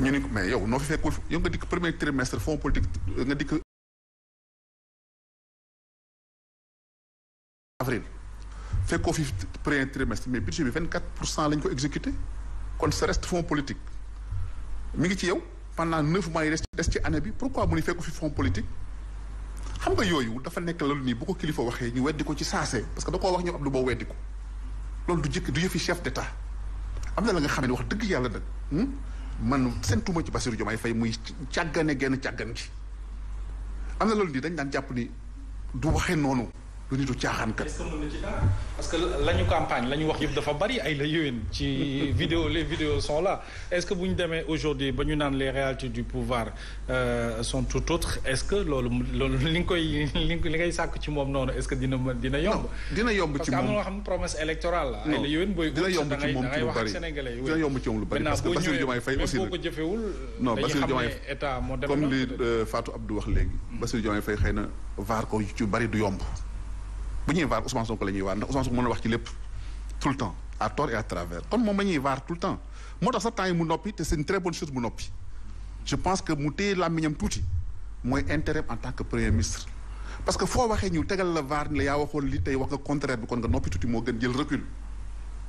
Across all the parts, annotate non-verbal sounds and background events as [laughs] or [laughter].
ñu ni mais yow noo fi fekkul yow nga dikk premier trimestre fonds politique nga dikk avril fekkoo fi premier trimestre mais budget bi vingt quatre pour cent la ko exécuté kon sa reste fonds politique mi ngi ci yow pendant neuf mois yi des ci année bi pourquoi mu ni fekku fi fonds politique xam nga yooyu dafa nekk lalu nii bu ko kilifa waxee ñu weddi ko ci saase parce que da koo wax ñoom Abdou Mbow weddi ko loolu du jëkk du yëfi chef d'état am na la nga xam ne wax dëgg yàlla nag hmm? man séntuma ci Bassirou Diomaye fay muy càggane genn càggan gi am na loolu nii dañ daan jàpp ni du waxe noonu du nitu caaxaankat. parce que lañu campagne lañu wax yëpp dafa bari ay la yéwén ci [laughs] vidéo les vidéos sont là est-ce que bu ñu demee aujourd'hui ba ñu naan les réalités du pouvoir euh, sont tout autres est-ce que loolu loolu li nga koy sàkk ci moom noonu est-ce que dina dina yomb. ci moom na yomb ci moom ci lu bari dina yomb ci moom lu bari parce que Bassirou Diomaye Faye aussi état moo demee comme li euh, Fatou Abdou wax léegi mm. Bassirou Diomaye Faye xëy na vaar ko ci bari du yomb bu ñuy vaar Ousmane Sonko la ñuy vaar ndax Ousmane Sonko mën na moo mu noppi te c'est une très mooy intérêt en tant que premier ministre parce foo waxee ñu tegal la vaar ni la yaa waxoon li tey wax nga contraire bi kon nga noppi tuuti moo gën jël recul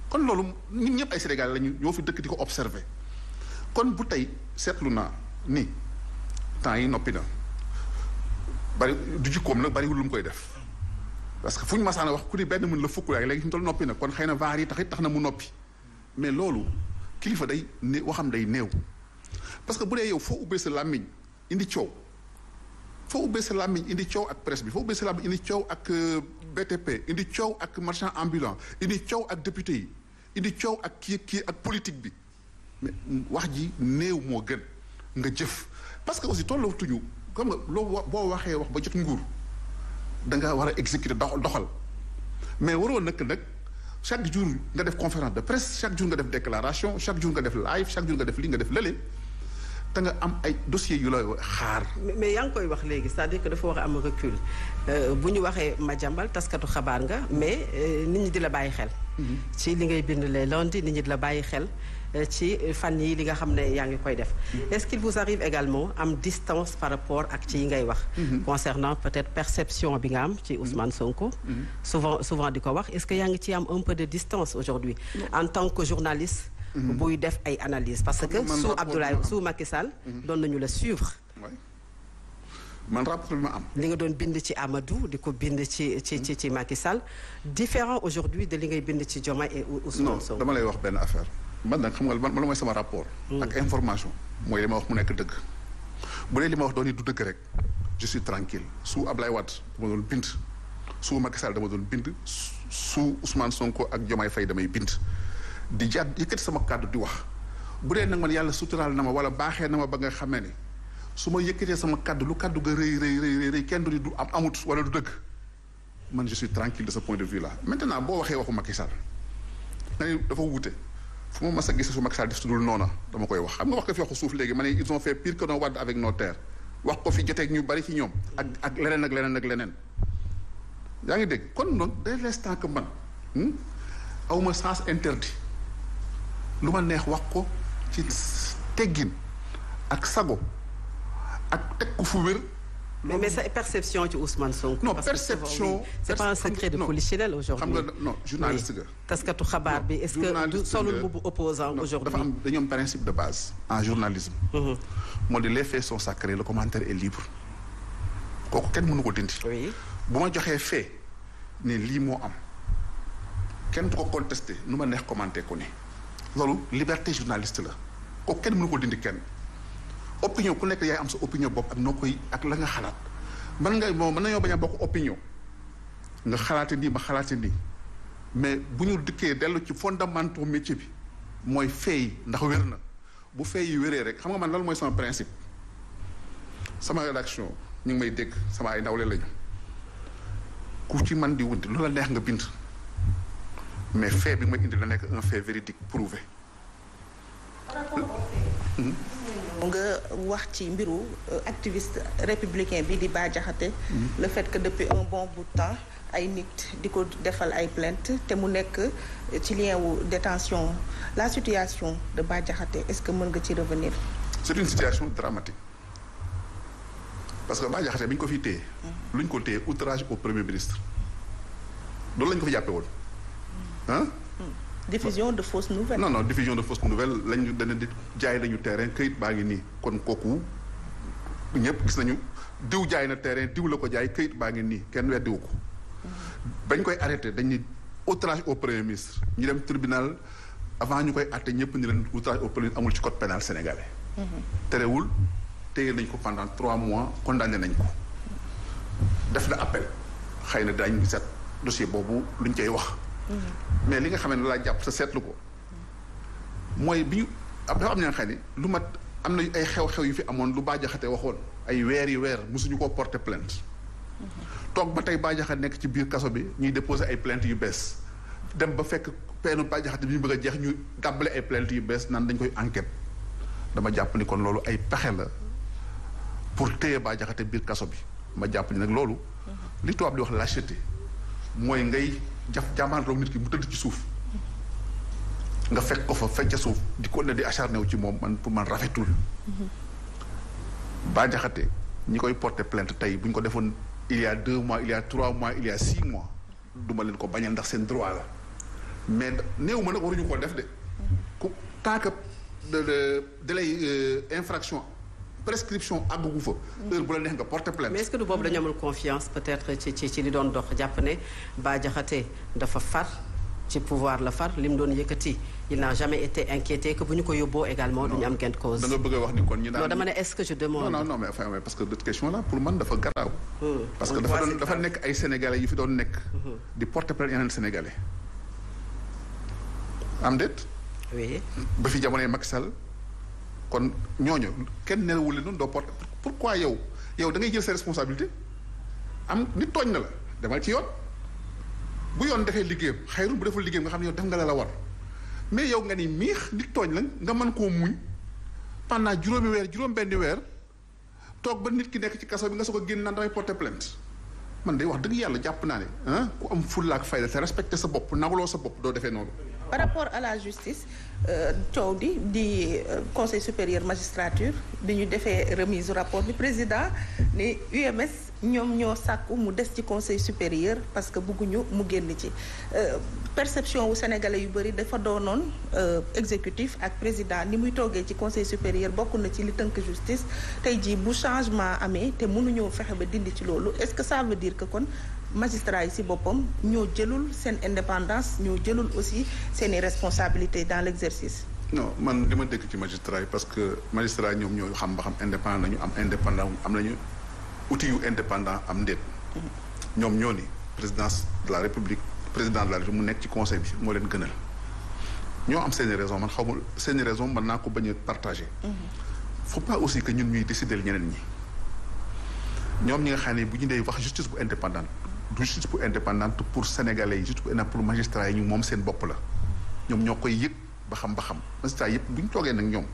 kon loolu ñun ñëpp ay Sénégalais lañu ñoo fi dëkk di ko observer kon bu tey seetlu naa ni temps yi noppi na bari du jikkoom nag bariwul lu mu koy def parce que fu ñu masaana wax ku di benn mën la fukk laay léegi fi mu toll noppi nag kon yi taxit na mu noppi mais loolu kilifa day ne waxam day néew parce que bu dee yow foo ubbee sa làmmiñ indi coow foo ubbee sa làmmiñ indi coow ak presse bi foo ubbee sa làmmiñ indi ak euh, indi coow ak marchand ambulant indi coow ak député indi coow ak kii kii ak politique bi wax ji néew moo gën nga jëf parce que aussi tollootuñu comme nga loo boo waxee wax ba jot nguur da nga war a exécuter doxal mais waroo nëkk nag chaque jour nga def conférence de presse chaque jour nga def déclaration chaque jour nga def live chaque jour nga def lii nga def lële te nga am ay dossiers yu lay xaar. mais yaa ngi koy wax léegi c'est-à-dire que dafa war a am recul euh, bu ñu waxee Madiambal taskatu xabaar nga mais euh, nit ñi di la bàyyi xel. Mm-hmm. ci li ngay bind les lundi nit ñi di la bàyyi xel. ci fan yi li nga xam ne yaa ngi koy def est-ce qu'il vous arrive également am distance par rapport ak ci yi ngay wax mhm. concernant peut-être perception bi nga am ci Ousmane Sonko mhm. souvent souvent di ko wax est-ce que yaa ngi ci am un peu de distance aujourd'hui en tant que journaliste mhm. buy def ay analyse parce que sous Abdoulaye sous Macky Sall doon nañu la suivre man rapport ma am. li nga doon bind ci Amadou di ko bind ci ci ci ci Macky Sall différent aujourd'hui de li ngay bind ci Diomaye et lay wax man nag xam nga man la mooy sama rapport. Mm. ak information. mooy li ma wax mu nekk dëgg. bu dee li ma wax doon yi du dëgg rek je suis tranquille su Ablaye Wade dama doon bind su Macky Sall dama doon bind su Ousmane Sonko ak Diomaye Faye damay bind. di jàdd sama kàddu di wax bu dee nag man yàlla suturaal na ma wala baaxee na ma ba nga xamee ne su ma yëkkatee sama kàddu lu kàddu ga rëy rëy rëy kenn du ni du am amut wala du dëgg man je suis tranquille de ce point de vue là maintenant boo waxee waxu Macky fu ma mas a gis su Macky Sall def su dul noona dama koy wax am nga wax ko fi waxu suuf léegi ma ne ils ont fait pire que nos Wade avec nos wax ko fi joteeg ñu bari ci ñoom ak ak leneen ak leneen ak leneen yaa ngi dégg kon noonu dès l'instant que man hmm, aw ma sens interdit lu ma neex wax ko ci teggin ak sago ak teg ko fu wér mais mais sa perception ci Ousmane Sonko. non perception c'est pas un secret de polichinelle aujourd'hui xam nga non journaliste xabaar bi est-ce que du solul mbubu opposant aujourd'hui dafa principe de base en journalisme mhm. moo di les faits sont sacrés le commentaire est libre kooku kenn mënu ko dindi bu ma joxee fait ne lii moo am kenn du ko contesté nu ma neex commenté ko ne loolu liberté journaliste la kooku kenn mënu ko dindi kenn opinion ku nekk yaay am sa opinion bopp ak noo koy ak la nga xalaat man ngay moom mën nañoo bañ a bokk opinion nga xalaate nii ma xalaate nii mais bu ñu dikkee dellu ci fondamentaux métier bi mooy feey ndax wér na bu fee yi wéree rek xam nga man lan mooy sama principe sama rédaction ñu ngi may dégg sama ay ndawle lañu ku ci man di wunti loola leex nga bind mais fait bi may indi la nekk un fait véridique prouvé. nga wax ci mbiru euh, activiste républicain bi di Bah Diakhaté mm-hmm. le fait que depuis un bon bout temps ay nit di ko defal ay plainte te mu nekk ci lien wu détention la situation de Bah est-ce que mën nga ci revenir c'est une situation dramatique parce que Bah Diakhaté bi ñu ko fi téye mm-hmm. lu ñu ko téye outrage au premier ministre loolu la ñu ko fi jàppe woon mm-hmm. diffusion de fausses nouvelles. non non diffusion de fausses nouvelles lañu dana di jaay nañu terrain këyit baa ngi nii kon kooku ñëpp gis nañu diw jaay na terrain diw la ko jaay këyit baa ngi nii kenn weddiwu ko. bañ koy arrêté dañuy outrage au premier ministre ñu dem tribunal avant ñu koy atte ñëpp ni leen outrage au premier ministre amul ci code pénal sénégalais. terewul téye nañ ko pendant trois mois condamné nañ ko. def na appel xëy na daañ gisat dossier boobu luñ cay wax. mais li nga xam ne laa jàpp sa seetlu ko mooy bi ñu dafa am ñoo lu mat am na ay xew-xew yu fi amoon lu baajaxate waxoon ay weer yi weer mosuñu koo porter plainte toog ba tey baajaxate nekk ci biir kaso bi ñuy déposer ay plainte yu bees dem ba fekk peenu baajaxate bi ñu bëgg a jeex ñu dàbbale ay plainte yu bees naan dañ koy enquête dama jàpp ni kon loolu ay pexe la pour téye baajaxate biir kaso bi ma jàpp ni nag loolu li tubaab di wax lâcheté mooy ngay jaf jàmmaandoog nit ki mu tëdd ci suuf nga fekk ko fa fecc suuf di ko ne di acharné wu ci moom man pour man rafetul. Bah Diakhaté ñi koy porter plainte tey bu ñu ko defoon il a deux mois il trois mois il y a six mois duma leen ko bañal ndax seen droit la mais néew ma nag waruñu ko def de ku tant que délai infraction prescription àggugu fa. heure bu la neex nga porte plainte. mais est-ce que du boobu dañu amul confiance peut-être ci li doon dox jàpp ne Bah Diakhaté dafa far ci pouvoir la far li mu doon yëkkati il n'a jamais été inquiété que bu ñu ko yóbboo également duñu am gain de cause. bëgg wax ni kon ñu daan non dama ne est-ce que je demande. non non non mais enfin parce que cette question là hmm. nekk ay sénégalais yu fi doon nekk. Hmm. di porte plainte yeneen sénégalais. am déet. ba fi jamonoy Macky kon ñooñu kenn nelawul leen noonu doo porte pourquoi yow yow da ngay jël sa responsabilité am nit tooñ na la demal ci yoon bu yoon defee liggéeyam xayrul bu deful liggéeyam nga xam ne yow def nga la la war mais yow nga ni miix nit tooñ la nga mën koo muñ pendant juróomi weer juróom-benni weer toog ba nit ki nekk ci kaso bi nga soog a génn naan damay porter plainte man day wax dëgg yàlla jàpp naa ne ah ku am fulla ak fayda te respecté sa bopp nagaloo sa bopp doo defee noonu. par rapport à la justice euh, coow bi di euh, conseil supérieur magistrature bi ñu defee remise rapport bi président ne UMS ñoom ñoo sàkku mu des ci conseil supérieur parce que bugguñu mu génn ci euh, perception wu sénégalais yu bëri dafa doonoon exécutif ak président ni muy toogee ci conseil supérieur bokk na ci li tënk justice tey jii bu changement amee te mënuñoo fexe ba dindi ci loolu est-ce que ça veut dire que kon magistrats yi ci boppam ñoo jëlul seen indépendance ñoo jëlul aussi seen i responsabilités dans l'exercice. non man li ma dëkk ci magistrats yi parce que magistrats yi ñoom ñoo xam ba xam indépendant nañu am indépendant am nañu outil yu indépendant am ndéet. Mm-hmm. ñoom ñoo ni présidence de la république président de la république mu nekk ci conseil bi moo leen gënal ñoo am seeni raison man xawma seeni raison man naa ko bañ a partagé. Mm-hmm. faut pas aussi que ñun ñuy décider ñeneen ñi. ñoom ñi nga xam ne bu ñu dee wax justice bu indépendante du juste pour indépendante pour sénégalais yi pour magistrat yi ñu moom seen bopp la ñoom ñoo koy yëg ba xam ba xam magistrat yëpp bu ñu toogee nag ñoom